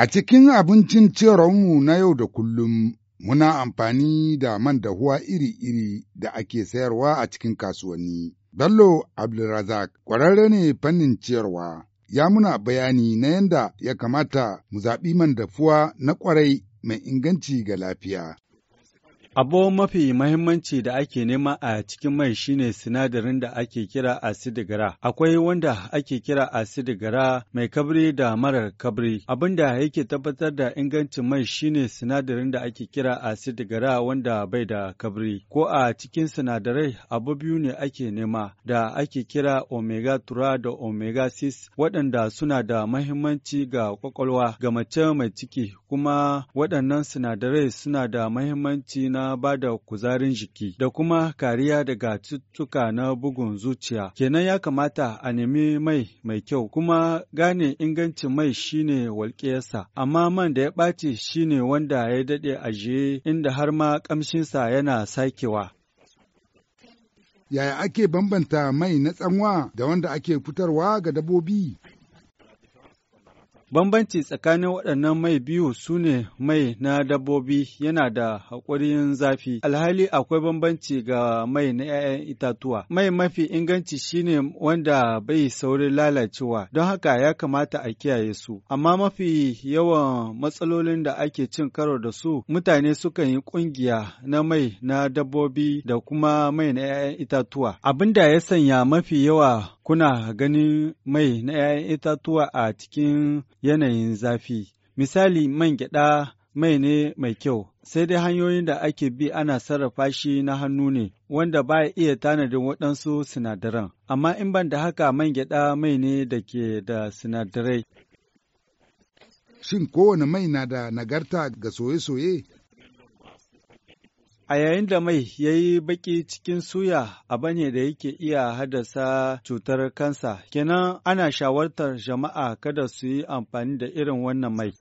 A cikin abincin mu na yau da kullum, muna amfani da man dahuwa iri-iri da ake sayarwa a cikin kasuwanni. Bello Abdulrazak ƙwararre ne fannin ciyarwa, ya muna bayani na yadda ya kamata mu zaɓi man dafuwa na ƙwarai mai inganci ga lafiya. Abu mafi mahimmanci da ake nema a cikin mai shine sinadarin da ake kira Asidigara, Akwai wanda ake kira gara mai kabri da marar kabri. Abin da yake tabbatar da ingancin mai shine sinadarin da ake kira Asidigara wanda bai da kabri. Ko a cikin sinadarai abu biyu ne ake nema da ake kira omega 3 da omega 6 waɗanda suna da mahimmanci ga kwakwalwa ga mace mai ciki kuma waɗannan sinadarai suna da mahimmanci na na ba da kuzarin jiki da kuma kariya daga cututtuka na bugun zuciya. Kenan ya kamata a nemi mai mai kyau kuma gane ingancin mai shine walƙiyarsa, amma man da ya ɓaci shine wanda ya daɗe ajiye inda har ma ƙamshinsa yana sakewa. Yaya ake bambanta mai na tsanwa da wanda ake fitarwa ga dabobi? Bambanci tsakanin waɗannan mai biyu su ne mai na dabbobi yana da haƙurin zafi, alhali akwai bambanci ga mai na ‘ya'yan itatuwa. Mai mafi inganci shine wanda bai saurin lalacewa, don haka ya kamata a kiyaye su. Amma mafi yawan matsalolin da ake cin karo da su, mutane sukan yi ƙungiya na mai na dabbobi da kuma mai na ‘ya'yan itatuwa. Abin da ya sanya mafi yawa kuna ganin mai na 'ya'yan itatuwa a cikin yanayin zafi. Misali man gyaɗa mai ne mai kyau, sai dai hanyoyin da ake bi ana sarrafa shi na hannu ne, wanda ba ya iya tanadin waɗansu sinadaran. Amma in ban da haka man gyaɗa mai ne da ke da sinadarai. Shin kowane mai na da nagarta ga soye-soye? A yayin da mai ya yi baki cikin suya abu ne da yake iya haddasa cutar kansa, kenan ana shawartar jama'a kada su yi amfani da irin wannan mai.